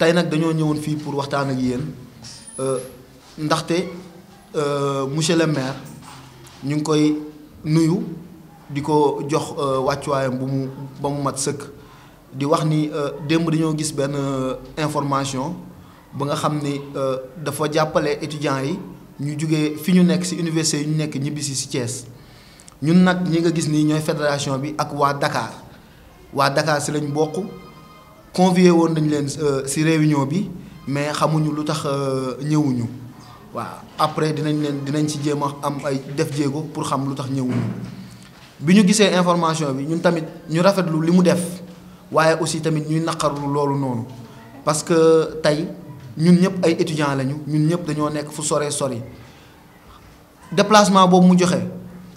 tey nag dañoo ñëwoon fii pour waxtaan ak yéen euh, ndaxte euh, monsieur le maire ñu ngi koy nuyu di ko jox euh, wàccuwaayam bu mu ba mu mat sëkk di wax ni démb dañoo gis benn information ba nga xam ni dafa jàppale étudiants yi ñu jóge fi ñu nekk ci université yi ñu nekk ñibbisi ci cees ñun nag ñi nga gis nii ñooy fédération bi ak waa Dakar waa Dakar si lañ bokk convié woon nañ leen euh, si réunion bi mais xamuñu lu tax euh, ñëwuñu waaw après dinañ leen dinañ ci jéem a am ay def jéego pour xam lu tax ñëwuñu bi ñu gisee information bi ñun tamit ñu rafetlu li mu def waaye aussi tamit ñuy naqarlu loolu noonu parce que tey ñun ñëpp ay étudiants lañu ñun ñëpp dañoo nekk fu sore sori déplacement boobu mu joxe.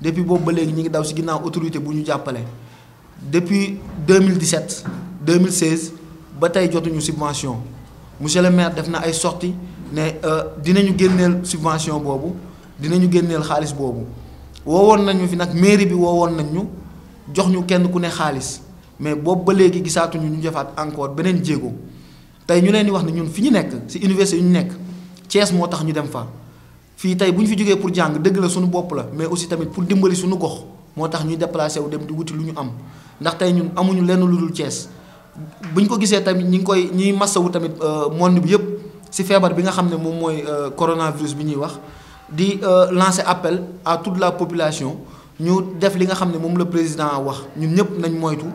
depuis boobu ba léegi ñu ngi daw si ginnaaw autorité bu ñu jàppale depuis 2017 2016 ba tey jotuñu subvention monsieur le maire def na ay sorties ne euh, dinañu génneel subvention boobu dinañu génneel xaalis boobu woowoon nañu fi nag mairie bi woowoon nañ ñu jox ñu kenn ku ne xaalis mais boobu ba léegi gisaatuñu ñu defaat encore beneen jéego tey ñu leen di wax ne ñun fi ñu nekk si université yu ñu nekk Thiès moo tax ñu dem fa fi tay buñ fi jógee pour jang deug la suñu bop la mais aussi tamit pour dimbali suñu gox motax tax ñuy wu dem di wuti luñu am ndax tay ñun amuñu lenn lu dul Thiès bu ko gisee tamit ñi ngi koy ñi massawu tamit euh, monde bi yépp ci feebar bi nga xamné mom moy euh, coronavirus bi ñuy wax di euh, lancer appel à toute la population ñu def li nga xamné mom le président wax ñun ñëpp nañ moytu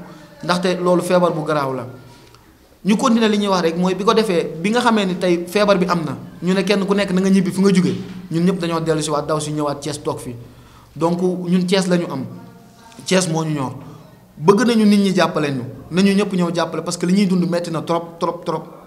ndaxte loolu feebar bu garaaw la ñu continuer li ñuy wax rek mooy bi ko defee bi nga xamee ni tey feebar bi am na ñu ne kenn ku nekk na nga ñibbi fi nga jógee ñun ñëpp dañoo dellu si daw si ñëwaat Thiès toog fii donc ñun cees la ñu am cees moo ñu ñor bëgg nañu nit ñi jàppale nañu ñëpp ñëw jàppale parce que li ñuy dund metti na trop trop trop